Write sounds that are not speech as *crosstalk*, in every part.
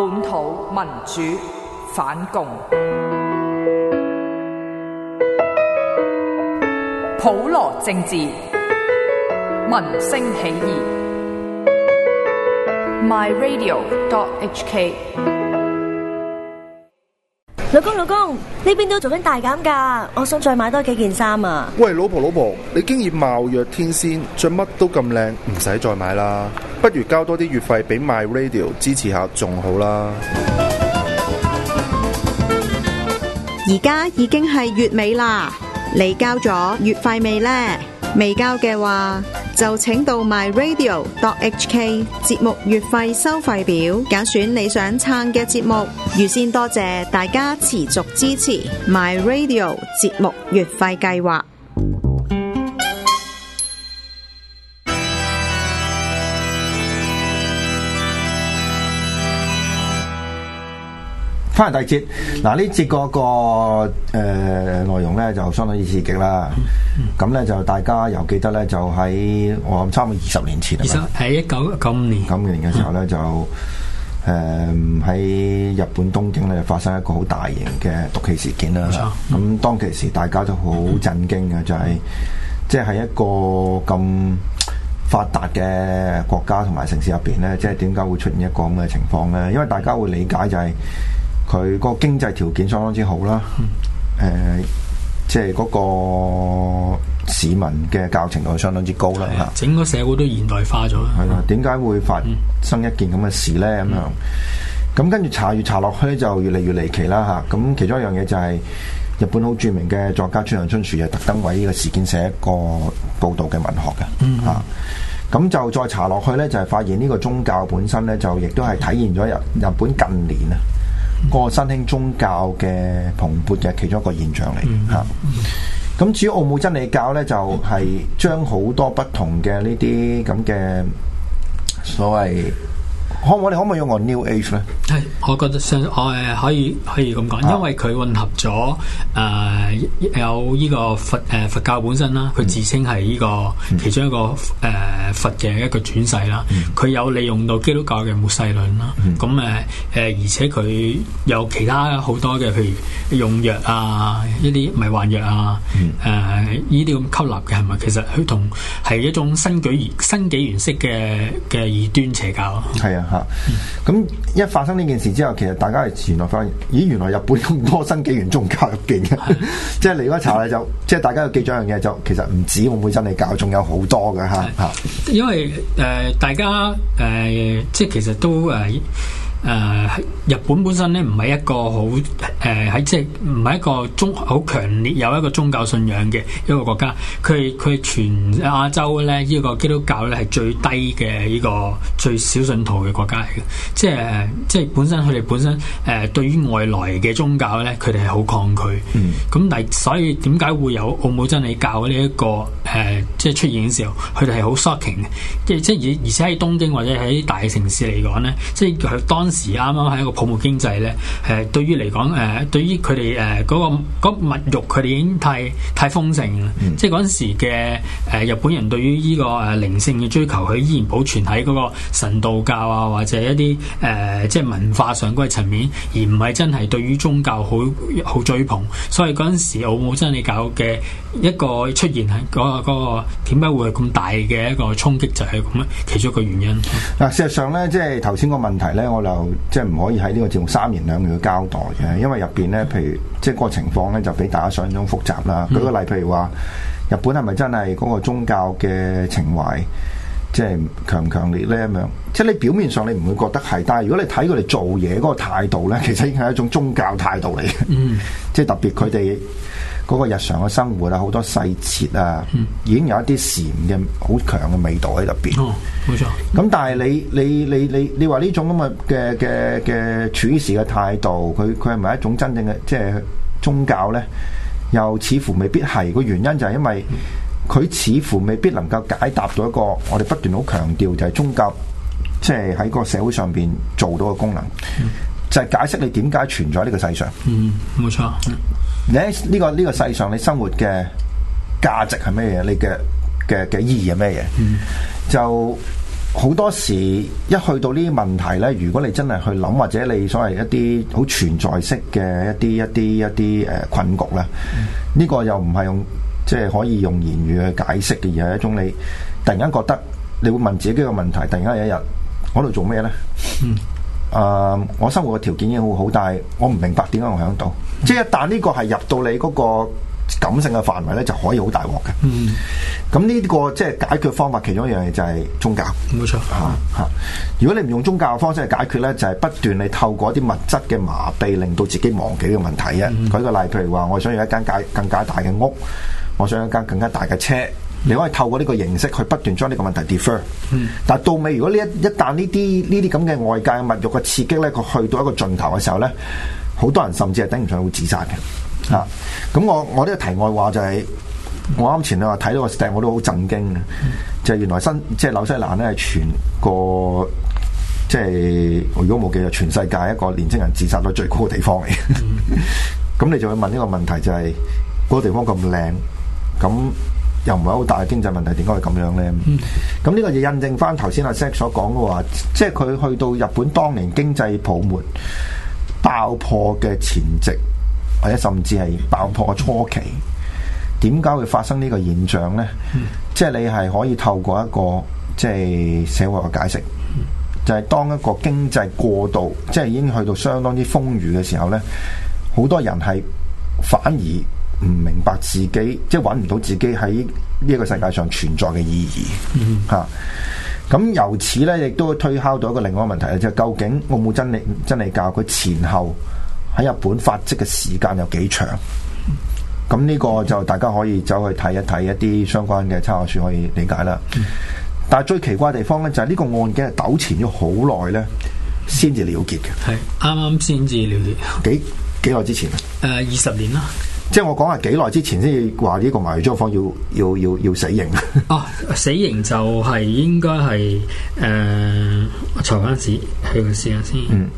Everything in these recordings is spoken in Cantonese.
本土民主反共，普羅政治，民生起義。MyRadio.hk。老，老公，老公，呢邊都做緊大減價，我想再買多幾件衫啊。喂，老婆，老婆，你竟然貌若天仙，着乜都咁靚，唔使再買啦。不如交多啲月費俾 My Radio 支持下仲好啦。而家已經係月尾啦，你交咗月費未呢？未交嘅話，就請到 My Radio dot hk 節目月費收費表，揀選你想撐嘅節目。預先多謝大家持續支持 My Radio 節目月費計劃。翻嚟第二節，嗱、啊、呢節嗰個誒、呃、內容咧就相當於刺激啦。咁咧就大家又記得咧，就喺我諗差唔多二十年前，二十喺一九九五年，九五、嗯、年嘅時候咧就誒喺、呃、日本東京咧發生一個好大型嘅毒氣事件啦。咁、嗯嗯、當其時大家都好震驚嘅，就係即係一個咁發達嘅國家同埋城市入邊咧，即係點解會出現一個咁嘅情況咧？因為大家會理解就係、是。佢嗰個經濟條件相當之好啦，誒、嗯呃，即係嗰個市民嘅教程度相當之高啦，嚇。整個社會都現代化咗。係啊的，點解、嗯、會發生一件咁嘅事咧？咁、嗯、樣咁跟住查越查落去就越嚟越離奇啦，嚇、啊。咁其中一樣嘢就係日本好著名嘅作家村上春樹，就特登為呢個事件寫一個報導嘅文學嘅，嚇。咁就再查落去咧，就係發現呢個宗教本身咧，就亦都係體現咗日日本近年啊。個新興宗教嘅蓬勃嘅其中一個現象嚟嘅。咁至於奧姆真理教呢，就係、是、將好多不同嘅呢啲咁嘅所謂。可我哋可唔可以用我 New Age 咧？係，我覺得上我誒、呃、可以可以咁講，因為佢混合咗誒、呃、有呢個佛誒、呃、佛教本身啦，佢自稱係呢個其中一個誒、呃、佛嘅一個轉世啦。佢有利用到基督教嘅末世論啦，咁誒誒而且佢有其他好多嘅，譬如用藥啊一啲迷幻藥啊誒呢啲咁吸納嘅係咪？其實佢同係一種新舉新紀元式嘅嘅異端邪教。係啊。嚇！咁、嗯、一發生呢件事之後，其實大家係原來發現，咦！原來日本咁多新紀元宗教入邊嘅，即係嚟嗰查咧就， *laughs* 即係大家要記咗一樣嘢就，其實唔止會唔會真係教，仲有好多嘅嚇嚇。因為誒、呃，大家誒、呃，即係其實都誒。呃誒日本本身咧唔係一個好誒喺即係唔係一個宗好強烈有一個宗教信仰嘅一個國家，佢佢全亞洲咧呢、這個基督教咧係最低嘅呢、這個最小信徒嘅國家嚟嘅，即係即係本身佢哋本身誒、呃、對於外來嘅宗教咧，佢哋係好抗拒。嗯，但係所以點解會有奧姆真理教呢一、這個誒即係出現嘅時候，佢哋係好 shocking 嘅，即係即係而而且喺東京或者喺大城市嚟講咧，即係佢當時啱啱喺一個泡沫經濟咧，誒、呃，對於嚟講，誒、呃，對於佢哋誒嗰個物欲，佢哋已經太太豐盛，嗯、即係嗰陣時嘅誒、呃、日本人對於呢、這個誒靈、呃、性嘅追求，佢依然保存喺嗰個神道教啊，或者一啲誒、呃、即係文化上嗰個層面，而唔係真係對於宗教好好追捧。所以嗰陣時，奧姆真理教嘅一個出現係嗰、那個嗰個點解會咁大嘅一個衝擊，就係咁咧，其中一個原因。嗱、嗯啊，事實上咧，即係頭先個問題咧，我即係唔可以喺呢個節目三言兩語嘅交代嘅，因為入邊呢，譬如即係嗰個情況呢，就俾大家想像中複雜啦。嗯、舉個例，譬如話日本係咪真係嗰個宗教嘅情懷，即係強唔強烈呢？咁樣？即係你表面上你唔會覺得係，但係如果你睇佢哋做嘢嗰個態度呢，其實已經係一種宗教態度嚟嘅。嗯、即係特別佢哋。嗰個日常嘅生活啦、啊，好多細節啊，已經有一啲禪嘅好強嘅味道喺入邊。哦，冇錯。咁但係你你你你你話呢種咁嘅嘅嘅嘅處事嘅態度，佢佢係咪一種真正嘅即係宗教呢？又似乎未必係。個原因就係因為佢似乎未必能夠解答到一個我哋不斷好強調就係宗教，即係喺個社會上邊做到嘅功能，嗯、就係解釋你點解存在呢個世上。嗯，冇錯。嗯你喺呢個呢個世上你生活嘅價值係咩嘢？你嘅嘅嘅意義係咩嘢？就好多時一去到呢啲問題咧，如果你真係去諗，或者你所謂一啲好存在式嘅一啲一啲一啲誒困局咧，呢個又唔係用即係可以用言語去解釋嘅，而係一種你突然間覺得你會問自己呢個問題，突然間有一日我喺度做咩咧？誒，uh, 我生活嘅條件已經好好，但係我唔明白點解我響度，即係一旦呢個係入到你嗰個感性嘅範圍呢，就可以好大鑊嘅。咁呢、嗯、個即係解決方法，其中一樣嘢就係宗教，冇錯吓吓。如果你唔用宗教嘅方式去解決呢，就係、是、不斷你透過啲物質嘅麻痹，令到自己忘記呢個問題啊。嗯、舉個例，譬如話我想要一間介更加大嘅屋，我想一間更加大嘅車。你可以透過呢個形式去不斷將呢個問題 defer，但到尾如果呢一一旦呢啲呢啲咁嘅外界物欲嘅刺激咧，佢去到一個盡頭嘅時候咧，好多人甚至係頂唔上會自殺嘅啊。咁我我呢個題外話就係、是、我啱前咧話睇到個 stat 我都好震驚嘅，就係、是、原來新即、就是、紐西蘭咧係全個即係、就是、如果冇記錯，全世界一個年青人自殺率最高嘅地方嚟。咁、mm hmm. *laughs* 你就會問呢個問題、就是，就係嗰個地方咁靚咁。又唔係好大經濟問題，點解會咁樣呢？咁呢、嗯、個就印證翻頭先阿 Zeke 所講嘅話，即係佢去到日本當年經濟泡沫爆破嘅前夕，或者甚至係爆破嘅初期，點解會發生呢個現象呢？嗯、即係你係可以透過一個即係、就是、社會嘅解釋，就係、是、當一個經濟過度，即係已經去到相當之豐裕嘅時候呢，好多人係反而，唔明白自己，即係揾唔到自己喺呢個世界上存在嘅意義，吓、嗯。咁、啊、由此呢，亦都推敲到一個另外嘅問題，就係、是、究竟奧姆真理真理教佢前後喺日本發跡嘅時間有幾長？咁呢、嗯、個就大家可以走去睇一睇一啲相關嘅參考書，可以理解啦。嗯、但係最奇怪嘅地方呢，就係、是、呢個案件係糾纏咗好耐呢，先至了結嘅。係啱啱先至了結，幾幾耐之前啊？二十、呃、年啦。即係我講係幾耐之前先至話呢個賣租方要要要要死刑啊？哦，死刑就係應該係誒，裁判司去試下先。嗯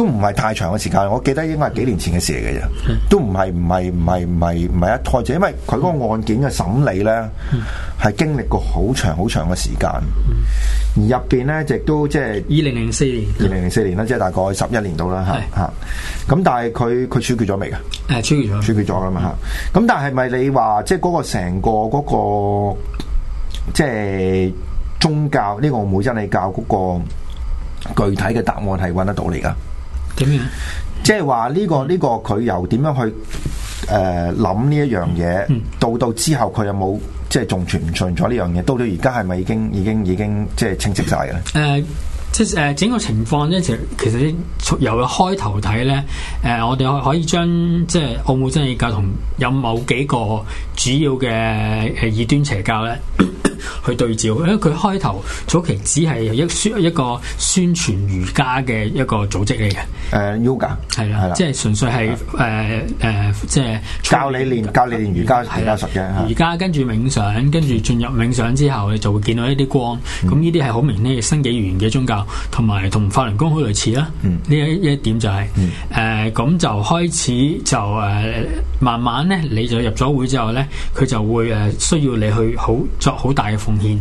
都唔係太長嘅時間，我記得應該係幾年前嘅事嚟嘅啫。都唔係唔係唔係唔係唔係一開始，因為佢嗰個案件嘅審理咧，係、嗯、經歷過好長好長嘅時間。嗯、而入邊咧，亦都即係二零零四年，二零零四年啦，即係大概十一年度啦吓吓。咁是但係佢佢處決咗未嘅？誒，處決咗，處決咗噶嘛吓。咁、嗯、但係咪你話即係嗰個成個嗰、那個即係、就是、宗教呢、這個奧姆真理教嗰個具體嘅答案係揾得到嚟噶。點樣？即係話呢個呢、嗯、個佢由點樣去誒諗呢一樣嘢，呃嗯、到到之後佢有冇即係仲存唔存在呢樣嘢？到到而家係咪已經已經已經即係清晰晒嘅？誒、呃，即係誒、呃、整個情況咧，其實其實從由開頭睇咧，誒、呃、我哋可以將即係奧姆真理教同有某幾個主要嘅誒異端邪教咧。 *coughs* 去對照，因為佢開頭早期只係一宣一個宣傳瑜伽嘅一個組織嚟嘅。誒，Yoga 係啦，係啦，即係純粹係誒誒，即係教你練教你練瑜伽係啦，術嘅。瑜伽跟住冥想，跟住進入冥想之後，你就會見到一啲光。咁呢啲係好明顯嘅新紀元嘅宗教，同埋同法輪功好類似啦。呢一一點就係誒咁就開始就誒慢慢咧，你就入咗會之後咧，佢就會誒需要你去好作好大奉獻，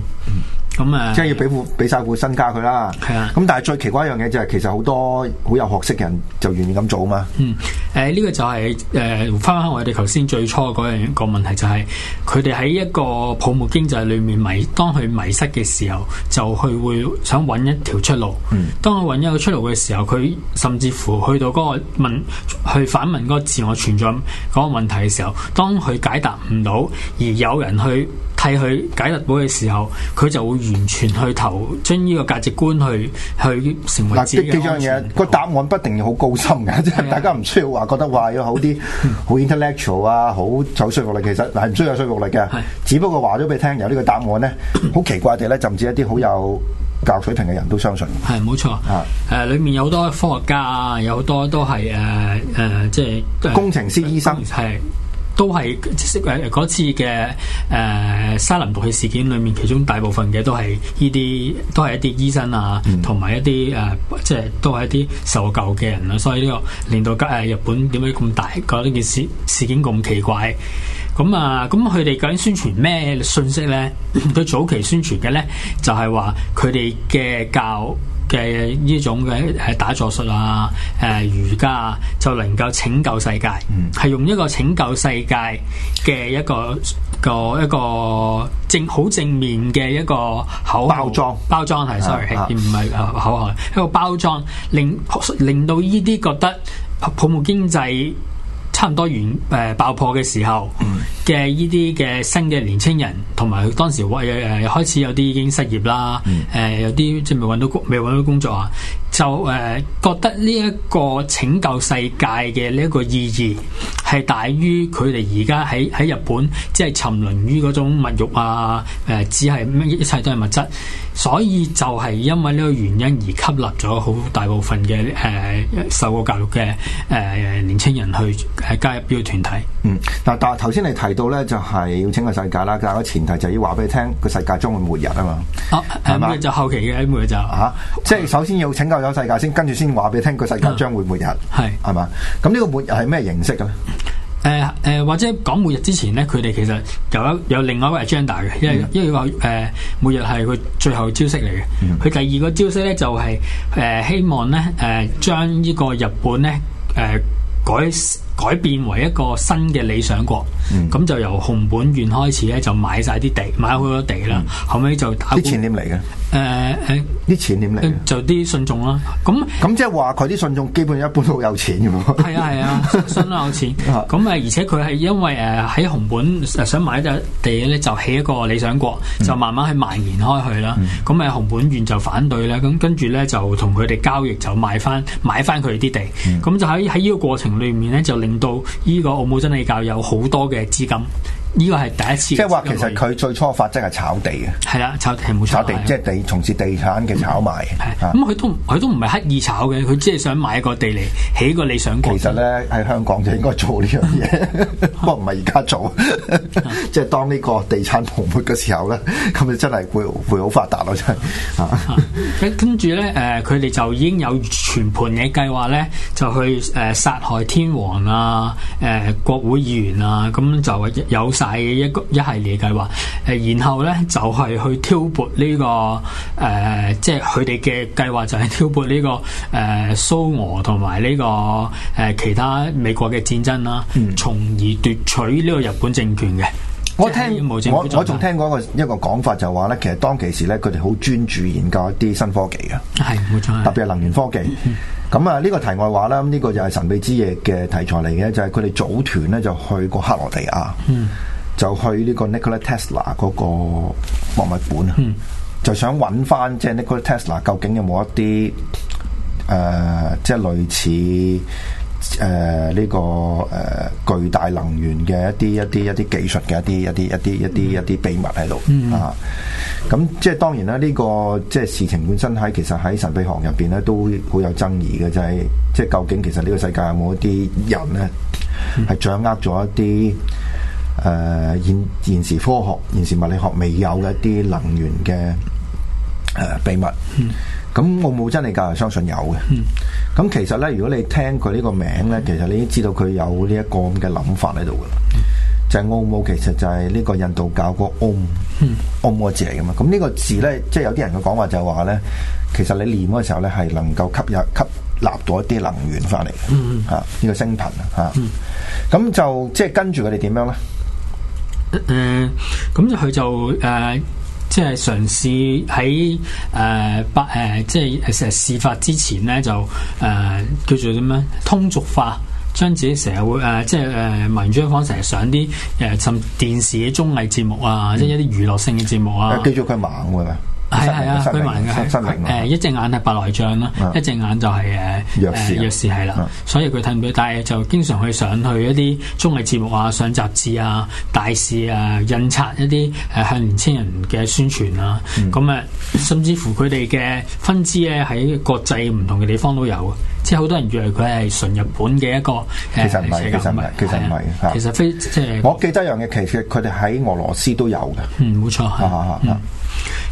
咁啊、嗯，即係要俾副俾晒副身家佢啦，係啊、嗯。咁但係最奇怪一樣嘢就係、是，其實好多好有學識嘅人就願意咁做啊嘛。嗯，誒、呃、呢、這個就係誒翻翻我哋頭先最初嗰樣個問題、就是，就係佢哋喺一個泡沫經濟裏面迷，當佢迷失嘅時候，就去會想揾一條出路。嗯，當佢揾一個出路嘅時候，佢甚至乎去到嗰個問，去反問嗰個自我存在嗰個問題嘅時候，當佢解答唔到，而有人去。替佢解密寶嘅時候，佢就會完全去投，將呢個價值觀去去成為自己嗱，呢幾樣嘢個答案不一定要好高深嘅，即係的大家唔需要話覺得話要有好啲 *laughs* 好 intellectual 啊，好有說服力。其實係唔需要有說服力嘅，的只不過話咗俾你聽有呢個答案咧，好奇怪地咧，甚至一啲好有教育水平嘅人都相信。係冇錯，誒的、呃，裏面有好多科學家啊，有好多都係誒誒，即係、呃、工程師、醫生係。都係，嗰次嘅誒、呃、沙林毒氣事件裏面，其中大部分嘅都係呢啲，都係一啲醫生啊，同埋一啲誒、呃，即係都係一啲受救嘅人啦、啊。所以呢、呢個令到誒日本點解咁大個呢件事事件咁奇怪？咁啊，咁佢哋究竟宣傳咩信息咧？佢 *coughs* 早期宣傳嘅咧，就係話佢哋嘅教。嘅呢種嘅誒打坐術啊，誒、呃、瑜伽啊，就能夠拯救世界，係、嗯、用一個拯救世界嘅一個一個一個正好正面嘅一個口包裝包裝係，sorry，唔係、啊、口號，啊、一個包裝令令到呢啲覺得泡沫經濟。差唔多完誒、呃、爆破嘅時候嘅依啲嘅新嘅年輕人，同埋當時我誒、呃、開始有啲已經失業啦，誒、呃、有啲即係未搵到工，未搵到工作啊。就誒、呃、覺得呢一個拯救世界嘅呢一個意義係大於佢哋而家喺喺日本即係沉淪於嗰種物欲啊，誒、呃、只係乜一切都係物質，所以就係因為呢個原因而吸納咗好大部分嘅誒、呃、受過教育嘅誒、呃、年青人去誒、呃、加入呢個團體嗯，嗱但係頭先你提到咧就係、是、要拯救世界啦，但個前提就要話俾你聽個世界將會末日啊嘛。啊，係咪嗎就後期嘅末日就吓，即係首先要拯救世界先跟住先話俾你聽，個世界將會末日，係、嗯，係嘛？咁呢個末日係咩形式嘅咧？誒誒、呃呃，或者講末日之前咧，佢哋其實有一有另外一個係 g e n d a 嘅，因為因為個誒末日係佢最後招式嚟嘅。佢、嗯、第二個招式咧就係、是、誒、呃、希望咧誒、呃、將呢個日本咧誒、呃、改改變為一個新嘅理想國，咁就由熊本縣開始咧，就買晒啲地，買好多地啦。後尾就打啲錢點嚟嘅？誒誒，啲錢點嚟？就啲信眾啦。咁咁即係話佢啲信眾基本一般都好有錢㗎嘛？係啊係啊，信都有錢。咁誒，而且佢係因為誒喺熊本想買咗地咧，就起一個理想國，就慢慢去蔓延開去啦。咁誒熊本縣就反對啦，咁跟住咧就同佢哋交易，就買翻買翻佢哋啲地。咁就喺喺呢個過程裏面咧，就令令到依個奧姆真理教有好多嘅資金。 *music* 呢個係第一次。即係話其實佢最初法則係炒地嘅。係啦、啊，炒地冇錯。炒地即係、就係、地從事地產嘅炒賣。咁佢都佢都唔係刻意炒嘅，佢即係想買個地嚟起個理想屋。 嗯、其實咧喺香港就應該做呢樣嘢，嗯、 *laughs* *laughs* 不過唔係而家做。即 *laughs* 係當呢個地產蓬勃嘅時候咧，咁就真係會會好發達咯，真係。啊、 *laughs* *laughs* 嗯嗯！跟住咧，誒佢哋就已經有全盤嘅計劃咧，就去誒、呃、殺害天皇啊、誒、啊、國會議員啊，咁、啊啊、就有。晒一個一系列計劃，誒，然後咧就係去挑撥呢個誒，即係佢哋嘅計劃就係挑撥呢個誒，蘇俄同埋呢個誒，其他美國嘅戰爭啦，嗯，從而奪取呢個日本政權嘅。我聽我我仲聽過一個一個講法就話咧，其實當其時咧，佢哋好專注研究一啲新科技嘅，係冇錯。特別係能源科技。咁啊、嗯，呢個題外話啦，呢、這個就係神秘之夜嘅題材嚟嘅，就係佢哋組團咧就去過克羅地亞，就去、是、呢個 Nikola Tesla 嗰個博物館，就想揾翻即係 Nikola Tesla 究竟有冇一啲誒、呃，即係類似。誒，呢、呃，這個誒、呃、巨大能源嘅一啲一啲一啲技術嘅一啲一啲一啲一啲秘密喺度、嗯嗯、啊！咁即係當然啦，呢、這個即係事情本身喺其實喺神秘學入邊咧都好有爭議嘅，就係、是、即係究竟其實呢個世界有冇一啲人咧係掌握咗一啲誒、呃、現現時科學、現時物理學未有嘅一啲能源嘅誒、呃、秘密。嗯咁奧姆真理教係相信有嘅。咁、嗯、其實咧，如果你聽佢呢個名咧，其實你已經知道佢有呢一個咁嘅諗法喺度噶啦。嗯、就係奧姆，其實就係呢個印度教個奧姆，oh、字嚟噶嘛。咁呢個字咧，即、就、係、是，有啲人嘅講法就話咧，其實你念嘅時候咧，係能夠吸入吸納到一啲能源翻嚟。吓，呢個升頻吓。咁就即係跟住佢哋點樣咧？誒、嗯，咁佢就誒。嗯嗯嗯嗯嗯嗯即係嘗試喺誒百誒，即係成日事發之前咧，就誒、呃、叫做點樣通俗化，將自己成日會誒、呃、即係誒文章方成日上啲誒、呃，甚至電視嘅綜藝節目啊，嗯、即係一啲娛樂性嘅節目啊，繼續佢猛㗎。係係啊，居民嘅，誒一隻眼係白內障啦，一隻眼就係誒弱視，弱視係啦。所以佢睇唔到，但係就經常去上去一啲綜藝節目啊，上雜誌啊，大事啊，印刷一啲誒向年輕人嘅宣傳啊。咁啊，甚至乎佢哋嘅分支咧喺國際唔同嘅地方都有。即係好多人以為佢係純日本嘅一個，其實唔係，其實唔係，其實非即係。我記得一樣嘅其實，佢哋喺俄羅斯都有嘅。嗯，冇錯，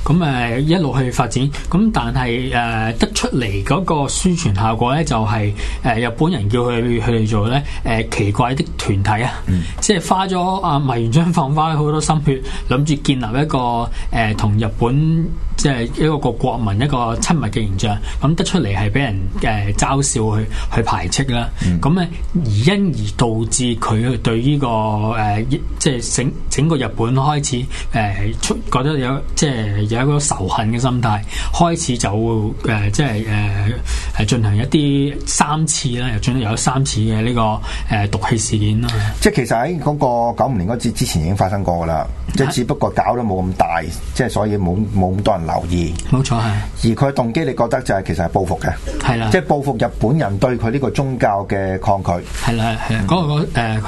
咁誒一路去發展，咁但係誒、呃、得出嚟嗰個宣傳效果咧，就係、是、誒、呃、日本人叫佢佢哋做咧誒、呃、奇怪的團體、嗯、啊，即係花咗啊迷完章放花咗好多心血，諗住建立一個誒同、呃、日本。即係一個個國民一個親密嘅形象，咁、嗯、得出嚟係俾人誒、呃、嘲笑去去排斥啦。咁咧、嗯、而因而導致佢對呢、這個誒、呃、即係整整個日本開始誒出、呃、覺得有即係有一個仇恨嘅心態，開始就誒、呃、即係誒係進行一啲三次啦，又進又有三次嘅呢、這個誒、呃、毒氣事件啦。即係其實喺嗰個九五年嗰節之前已經發生過噶啦。即係只不過搞得冇咁大，即係所以冇冇咁多人留意。冇錯係。而佢動機，你覺得就係，其實係報復嘅。係啦，即係報復日本人對佢呢個宗教嘅抗拒。係啦係啦，嗰、嗰個佢。嗰個，呃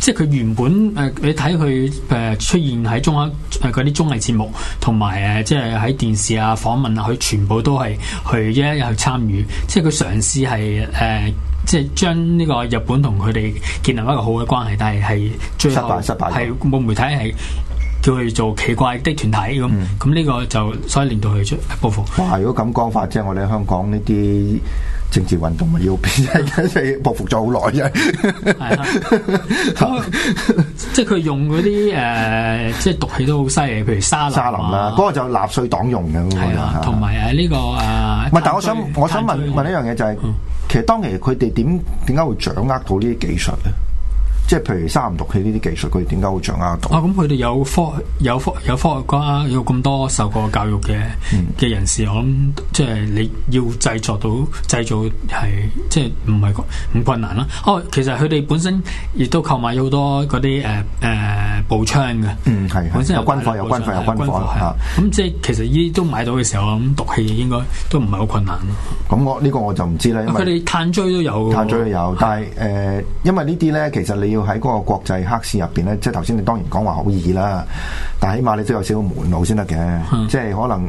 即係佢原本誒、呃，你睇佢誒出現喺中央誒嗰啲綜藝節目，同埋誒即係喺電視啊訪問啊，佢全部都係去一一去參與。即係佢嘗試係誒、呃，即係將呢個日本同佢哋建立一個好嘅關係，但係係失敗失敗，係冇媒體係叫佢做奇怪的團體咁。咁呢、嗯、個就所以令到佢出報復。哇！如果咁講法，即、就、係、是、我哋香港呢啲。政治運動咪要俾，你係匍匐咗好耐啫。係啊，即係佢用嗰啲誒，即係毒氣都好犀利，譬如沙林、啊、沙林啦、啊，嗰、嗰個就納粹黨用嘅。係啦， *laughs* 同埋喺呢個誒，唔、啊、係，但係我想，椎我想問椎問呢樣嘢，就係、嗯、其實當其實佢哋點點解會掌握到呢啲技術咧？即係譬如沙林毒氣呢啲技術，佢哋點解會掌握到？啊，咁佢哋有科有科有科學家，有咁多受過教育嘅嘅人士，嗯、我諗即係你要製作到製造係，即係唔係唔困難啦、啊。哦，其實佢哋本身亦都購買咗好多嗰啲誒誒步槍嘅。係、呃呃嗯、本身有，有軍火，有軍火，有軍火吓。咁即係其實呢啲都買到嘅時候，我諗毒氣應該都唔係好困難咯、啊。咁我呢個我就唔知啦，因為佢哋炭疽都有，炭疽都有，但係誒，因為，因為呢啲咧，其實你。要喺嗰個國際黑市入邊咧，即係頭先你當然講話好易啦，但起碼你都有少少門路先得嘅，嗯、即係可能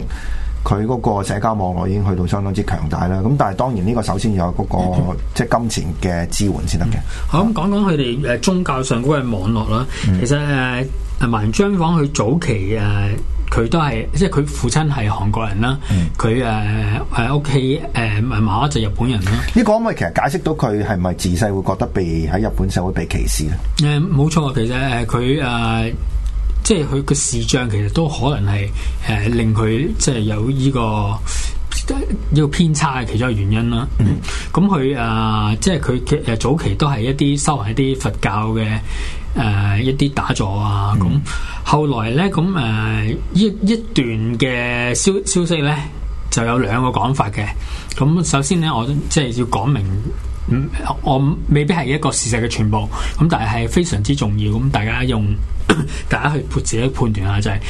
佢嗰個社交網絡已經去到相當之強大啦。咁但係當然呢個首先要有嗰、嗰個、嗯、即係金錢嘅支援先得嘅。好，咁、嗯、講講佢哋誒宗教上嗰個網絡啦，嗯、其實誒。Uh, 阿麻原彰晃佢早期誒，佢、啊、都係即係佢父親係韓國人啦，佢誒喺屋企誒媽媽就日本人啦。呢個可唔可以其實解釋到佢係唔係自細會覺得被喺日本社會被歧視咧？誒冇、嗯、錯，其實誒佢誒即係佢嘅視障其實都可能係誒、啊、令佢即係有呢、這個。要偏差嘅其中一個原因啦，咁佢啊，即係佢嘅早期都係一啲修為一啲佛教嘅誒、呃、一啲打坐啊，咁、嗯、後來咧，咁誒一一段嘅消消息咧就有兩個講法嘅，咁首先咧我即係要講明。嗯，我未必係一個事實嘅全部，咁但係係非常之重要。咁大家用 *coughs* 大家去判自己判斷下，就係、是、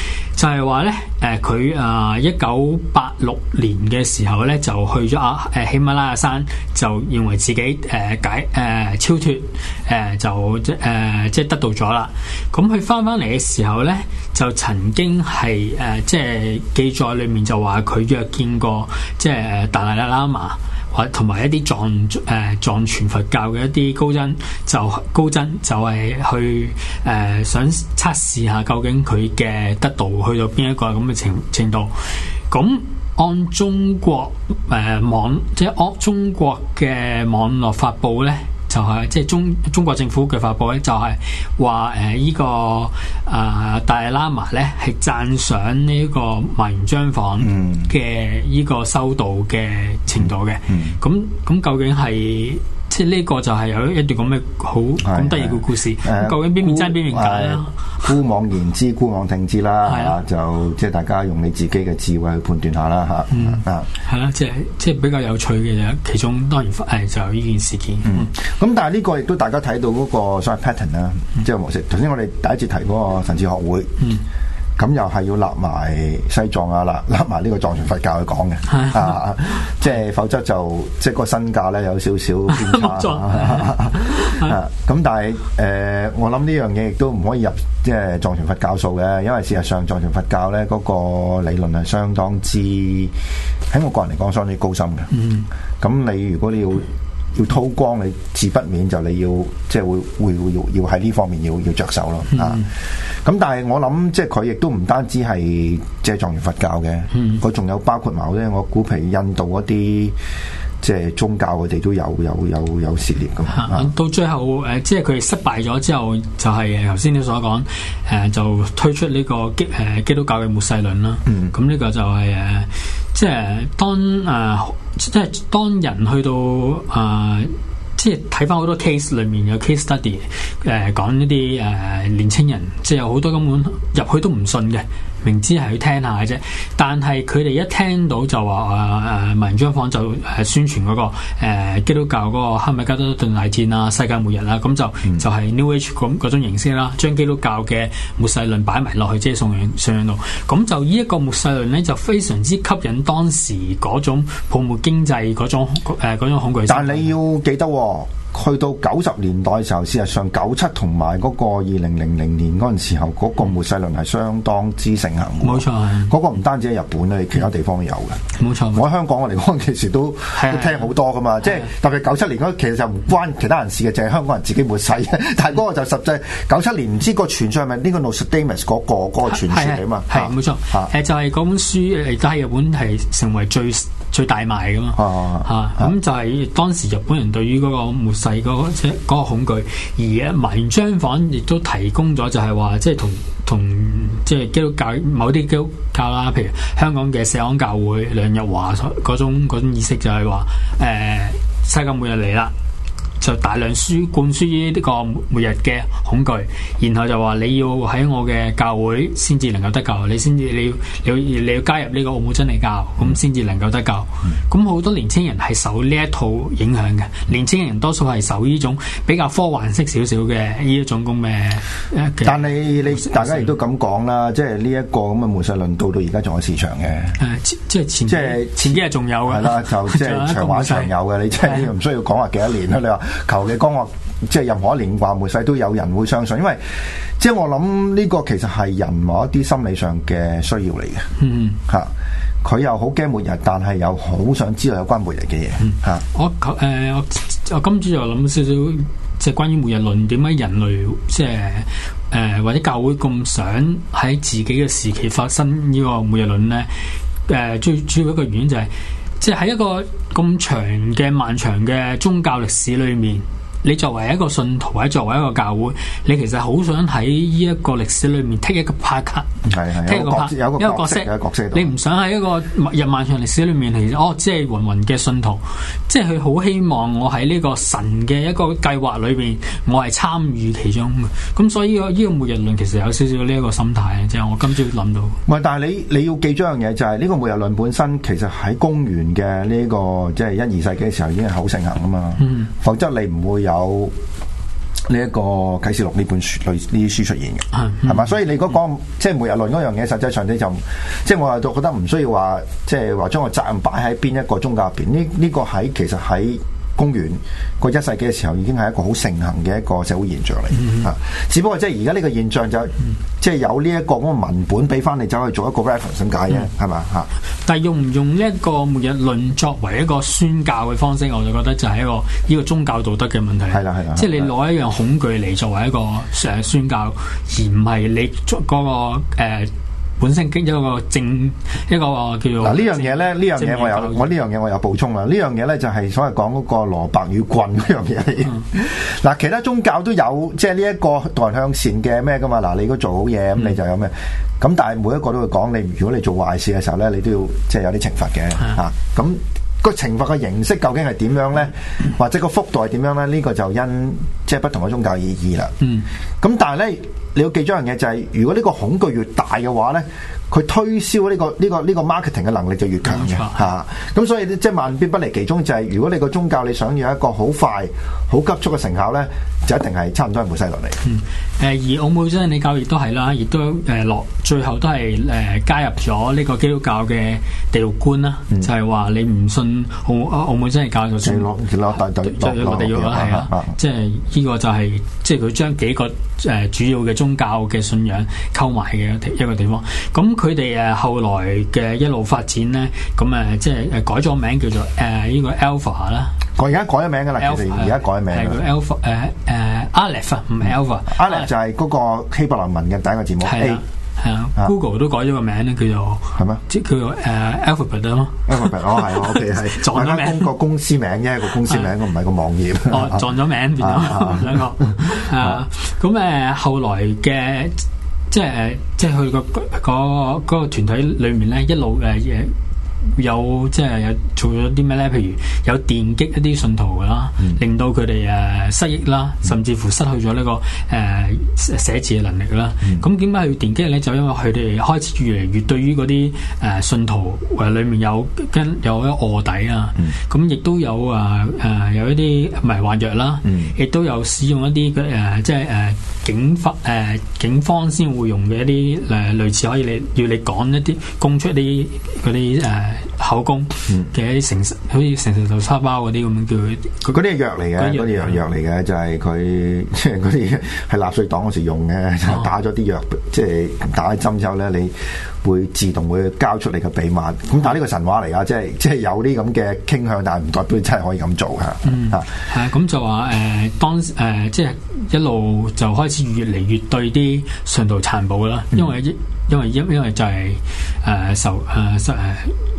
就係話咧，誒、呃、佢啊一九八六年嘅時候咧，就去咗啊誒喜、啊、馬拉雅山，就認為自己誒、啊、解誒、啊、超脫，誒、啊、就即誒、啊、即得到咗啦。咁佢翻翻嚟嘅時候咧，就曾經係誒、啊、即係記載裏面就話佢約見過即係達賴喇喇嘛。同埋一啲藏誒藏傳佛教嘅一啲高僧，就高僧就係去誒、呃、想測試下究竟佢嘅得道去到邊一個咁嘅程程度。咁按中國誒、呃、網，即、就、係、是、按中國嘅網絡發布咧。就係、是、即係中中國政府嘅發佈咧，就係話誒呢個啊大喇嘛咧係讚賞呢個麻原彰晃嘅呢 *noise* 個修道嘅程度嘅，咁咁 *noise* 究竟係？即係呢個就係有一段咁嘅好咁得意嘅故事，究竟邊面真邊面假啦？孤妄言之，孤妄聽之啦，就即係大家用你自己嘅智慧去判斷下啦，吓啊係啦，即係即係比較有趣嘅其中，當然誒就呢件事件。咁但係呢個亦都大家睇到嗰個所謂 pattern 啊，即係模式。頭先我哋第一節提個神智學會。咁又係要立埋西藏啊，立埋呢個藏傳佛教去講嘅， *laughs* 啊，即係否則就即係個身價咧有少少變化。咁但係誒、呃，我諗呢樣嘢亦都唔可以入即係藏傳佛教數嘅，因為事實上藏傳佛教咧嗰，嗰個理論係相當之，喺我個人嚟講相當之高深嘅。咁 *laughs* 你如果你要，要韜光，你自不免就你要即係會會，會要要喺呢方面要要着手咯、嗯、啊！咁但係我諗即係佢亦都唔單止係即係藏傳佛教嘅，佢仲、嗯、有包括某啲我估譬如印度嗰啲。即係宗教，佢哋都有有有有涉獵噶、啊、到最後誒、呃，即係佢哋失敗咗之後，就係頭先你所講誒、呃，就推出呢個基誒、呃、基督教嘅末世論啦。嗯，咁呢、嗯這個就係、是、誒，即係當誒、呃，即係當人去到誒、呃，即係睇翻好多 case 裏面有 case study 誒、呃，講呢啲誒年輕人，即係有好多根本入去都唔信嘅。明知係去聽下嘅啫，但係佢哋一聽到就話誒誒，文章坊就誒宣傳嗰、那個、啊、基督教嗰個黑米加多頓大戰啊、世界末日啊，咁就、嗯、就係 New Age 咁嗰種形式啦，將基督教嘅末世論擺埋落去即係、就是、送人上度。咁就呢一個末世論咧，就非常之吸引當時嗰種泡沫經濟嗰種誒、啊、恐懼。但係你要記得、哦。去到九十年代嘅時候，事實上九七同埋嗰個二零零零年嗰陣時候，嗰個末世論係相當之盛行。冇錯，嗰個唔單止喺日本咧，其他地方都有嘅。冇錯，我喺香港我嚟講，其實都都聽好多噶嘛。即係特別九七年嗰，其實就唔關其他人士嘅，就係香港人自己末世。但係嗰個就實際九七年唔知個傳說係咪呢個 Nostradamus 嗰個嗰個傳說嚟嘛。冇錯。就係嗰本書嚟，但日本係成為最最大賣噶嘛。咁就係當時日本人對於嗰個末。細嗰嗰個恐懼，而文章反亦都提供咗，就係話即係同同即係基督教某啲基督教啦，譬如香港嘅錫安教會梁日華嗰種嗰種意識就，就係話誒，世界末日嚟啦。就大量輸灌輸於呢個每日嘅恐懼，然後就話你要喺我嘅教會先至能夠得救，你先至你要你要你要加入呢個奧姆真理教，咁先至能夠得救。咁好 *music* 多年輕人係受呢一套影響嘅，年輕人多數係受呢種比較科幻式少少嘅呢一種咁嘅。但係你，麼你大家亦都咁講啦，即係呢一個咁嘅末世論到到而家仲有市場嘅、嗯，即係前即係是前幾日仲有嘅，係、嗯、啦，就即係長玩長有嘅，你即係唔、嗯、需要講話幾多年啦，你話。 *laughs* *laughs* 求嘅光學，即係任何一年話末世都有人會相信，因為即係我諗呢個其實係人某一啲心理上嘅需要嚟嘅。嗯吓佢、啊、又好驚末日，但係又好想知道有關末日嘅嘢。吓、嗯啊、我誒、呃，我今朝又諗少少，即係關於末日論，點解人類即係誒、呃、或者教會咁想喺自己嘅時期發生呢個末日論咧？誒、呃，最主要一個原因就係、是、即係喺一個。咁長嘅漫長嘅宗教歷史裏面。你作為一個信徒，或者作為一個教會，你其實好想喺呢一個歷史裏面剔一個拍卡 t k e 一個一個角色，你唔想喺一個日漫長歷史裏面，其實哦，即係混混嘅信徒，即係佢好希望我喺呢個神嘅一個計劃裏邊，我係參與其中嘅。咁所以呢、這個這個末日論其實有少少呢一個心態，即、就、係、是、我今朝諗到。唔係，但係你你要記住一樣嘢，就係、是、呢個末日論本身其實喺公元嘅呢、這個即係、就是、一二世紀嘅時候已經係好盛行啊嘛。嗯、否則你唔會有。有呢一個啟示錄呢本書類呢啲書出現嘅，係嘛、嗯？所以你嗰、嗰個、嗯、即係末日論嗰樣嘢，實際上咧就即係我係度覺得唔需要話，即係話將個責任擺喺邊一個宗教入邊呢？呢、呢個喺其實喺。公元嗰一世紀嘅時候，已經係一個好盛行嘅一個社會現象嚟嘅、嗯、哼只不過即係而家呢個現象就、嗯、即係有呢一個咁嘅文本俾翻你走去做一個 reference 解嘅，係嘛嚇？吧嗯、但係用唔用呢一個末日論作為一個宣教嘅方式，我就覺得就係一個呢、呢個宗教道德嘅問題。係啦係啦，啊啊、即係你攞一樣恐懼嚟作為一個上宣教，而唔係你捉、嗰、嗰個、呃本身經一個正一個、哦、叫嗱呢樣嘢咧，呢樣嘢我有我呢樣嘢我有補充啦。呢樣嘢咧就係所謂講嗰個蘿蔔與棍嗰樣嘢。嗱、嗯， *laughs* 其他宗教都有即係呢一個導人向善嘅咩噶嘛。嗱，你如果做好嘢咁，嗯、你就有咩咁。但係每一個都會講你，如果你做壞事嘅時候咧，你都要即係有啲懲罰嘅吓。咁、嗯啊，那個懲罰嘅形式究竟係點樣咧？或者個幅度係點樣咧？呢、這個就因即係、就是、不同嘅宗教而異啦。嗯，咁但係咧。你要記住一樣嘢，就係如果呢個恐懼越大嘅話咧，佢推銷呢個呢個呢個 marketing 嘅能力就越強嘅嚇，咁所以即係萬變不離其宗，就係如果你個宗教你想要一個好快、好急促嘅成效咧，就一定係差唔多係冇晒落嚟。嗯，誒而奧姆真理教亦都係啦，亦都誒落最後都係誒加入咗呢個基督教嘅地獄觀啦，就係話你唔信奧奧姆真理教就算落落地獄啦，係即係呢個就係即係佢將幾個誒主要嘅宗教嘅信仰溝埋嘅一個地方，咁。佢哋誒後來嘅一路發展咧，咁誒即係誒改咗名叫做誒呢個 Alpha 啦。我而家改咗名噶啦，佢哋而家改咗名。係個 Alpha 誒誒，Aleph 啊，唔係 Alpha。Aleph 就係嗰個希伯來文嘅第一個字母。係啊，Google 都改咗個名咧，叫做係咩？即係叫做誒 Alphabet 咯。Alphabet 哦係，OK 係撞咗名。個公司名啫，個公司名，我唔係個網頁。哦，撞咗名變咗兩個啊。咁誒，後來嘅。即係誒，即係去、嗰個嗰嗰、嗰個嗰個團體裏面咧，一路誒。誒、uh,。有即係有做咗啲咩咧？譬如有電擊一啲信徒噶啦，嗯、令到佢哋誒失憶啦，甚至乎失去咗呢、個誒、呃、寫字嘅能力啦。咁點解佢電擊咧？就因為佢哋開始越嚟越對於嗰啲誒信徒誒裡面有跟有一個臥底啊。咁亦、嗯、都有啊誒、呃、有一啲迷幻藥啦，亦、嗯、都有使用一啲誒、呃、即係誒、呃、警方誒警方先會用嘅一啲誒、呃、類似可以你要你講一啲供出一啲啲誒。口供嘅成，好似成成袋沙包嗰啲咁樣叫佢。嗰啲係藥嚟嘅，嗰啲藥藥嚟嘅就係佢，即係嗰啲係納粹黨嗰時用嘅，打咗啲藥，即係打針之後咧，你會自動會交出你嘅秘密。咁但係呢個神話嚟啊，即係即係有啲咁嘅傾向，但係唔代表真係可以咁做嘅。吓，係咁就話誒，當誒即係一路就開始越嚟越對啲信徒殘暴啦，因為因為因因為就係誒受誒誒。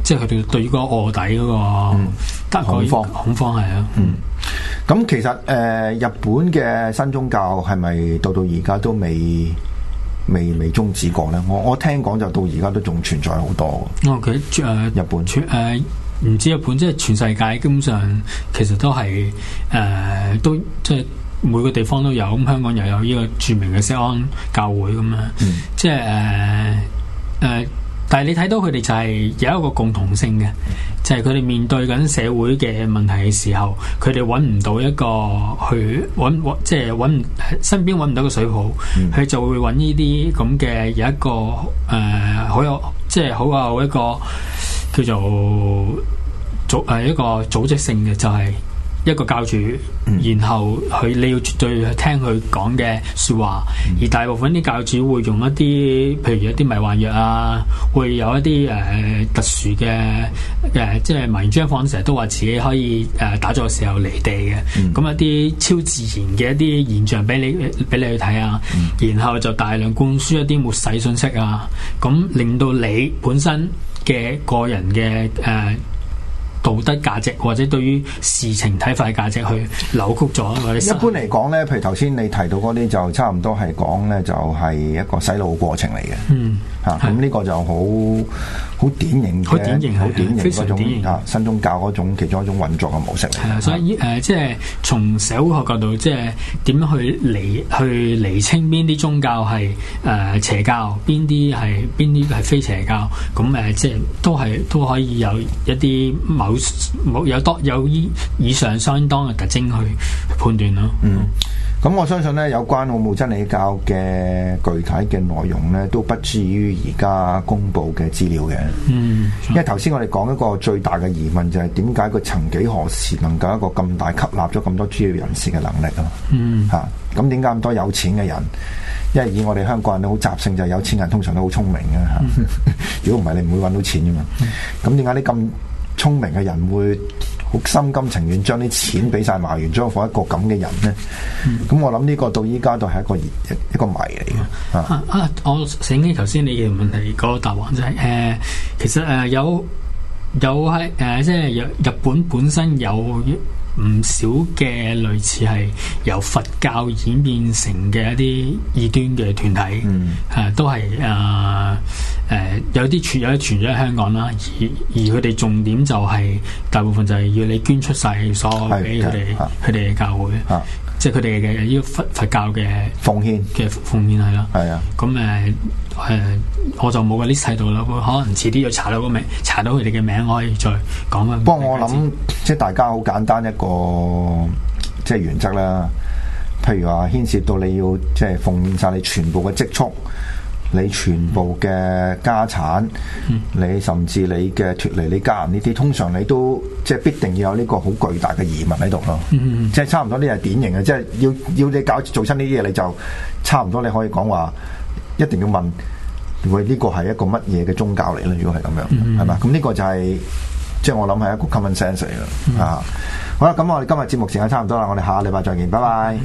即係佢對對嗰個臥底嗰個恐慌恐慌係啊，咁、嗯、其實誒、呃、日本嘅新宗教係咪到到而家都未未未終止過咧？我我聽講就到而家都仲存在好多。我佢誒日本全誒唔、呃、止日本，即係全世界基本上其實都係誒、呃、都即係每個地方都有。咁香港又有呢個著名嘅錫安教會咁樣，嗯、即係誒誒。呃呃但係你睇到佢哋就係有一個共同性嘅，就係佢哋面對緊社會嘅問題嘅時候，佢哋搵唔到一個去搵即係搵唔身邊搵唔到個水泡，佢、嗯、就會搵呢啲咁嘅有一個誒、呃、好有，即係好有一個叫做組誒、啊、一個組織性嘅就係、是。一個教主，嗯、然後佢你要絕對去聽佢講嘅説話，嗯、而大部分啲教主會用一啲譬如一啲迷幻藥啊，會有一啲誒、呃、特殊嘅誒、呃，即係文章放成日都話自己可以誒、呃、打坐時候離地嘅，咁、嗯嗯、一啲超自然嘅一啲現象俾你俾你去睇啊，嗯、然後就大量灌輸一啲末世信息啊，咁令到你本身嘅個人嘅誒。呃呃呃呃道德價值或者對於事情睇法嘅價值去扭曲咗，一般嚟講呢譬如頭先你提到嗰啲，就差唔多係講呢，就係一個洗腦過程嚟嘅。嗯，啊，咁呢個就好。好典型好典型，好典型非常典型啊，新宗教嗰種其中一種運作嘅模式。係啊，所以誒、呃嗯呃，即係從社會學角度，即係點樣去釐去釐清邊啲宗教係誒、呃、邪教，邊啲係邊啲係非邪教？咁誒、呃，即係都係都可以有一啲某某有多有依以上相當嘅特徵去判斷咯。嗯。嗯咁我相信咧，有關《奧姆真理教》嘅具體嘅內容咧，都不至於而家公布嘅資料嘅。嗯，因為頭先我哋講一個最大嘅疑問就係點解佢曾幾何時能夠一個咁大吸納咗咁多專業人士嘅能力啊？嗯，嚇咁點解咁多有錢嘅人？因為以我哋香港人咧，好習性就係有錢人通常都好聰明嘅嚇。如果唔係，嗯、 *laughs* 你唔會揾到錢嘅嘛。咁點解啲咁聰明嘅人會好心甘情願將啲錢俾晒麻原彰晃一個咁嘅人咧，咁、嗯、我諗呢個到依家都係一個一個謎嚟嘅。啊啊、啊！我醒起頭先你嘅問題、個答案就係、是，誒、呃，其實誒、呃、有有係誒、呃，即係日日本本身有。唔少嘅類似係由佛教演變成嘅一啲異端嘅團體，嚇、嗯啊、都係誒誒有啲存有啲存在喺香港啦，而而佢哋重點就係、是、大部分就係要你捐出曬所有俾佢哋佢哋嘅教會。啊啊即係佢哋嘅依個佛佛教嘅奉獻嘅奉獻係咯，係啊，咁誒誒，我就冇個 list 喺度啦，可能遲啲要查到個名，查到佢哋嘅名，我可以再講啊。不過我諗，即係大家好簡單一個即係原則啦。譬如話牽涉到你要即係奉獻晒你全部嘅積蓄。你全部嘅家產，嗯、你甚至你嘅脱離你家人呢啲，通常你都即係、就是、必定要有呢個好巨大嘅疑問喺度咯。即係、嗯嗯、差唔多呢係典型嘅，即、就、係、是、要要你搞做親呢啲嘢，你就差唔多你可以講話一定要問，喂，呢個係一個乜嘢嘅宗教嚟咧？如果係咁樣，係嘛、嗯？咁、嗯、呢個就係即係我諗係一個 common sense 嚟嘅。啊、嗯，嗯、好啦，咁我哋今日節目時間差唔多啦，我哋下個禮拜再見，拜拜。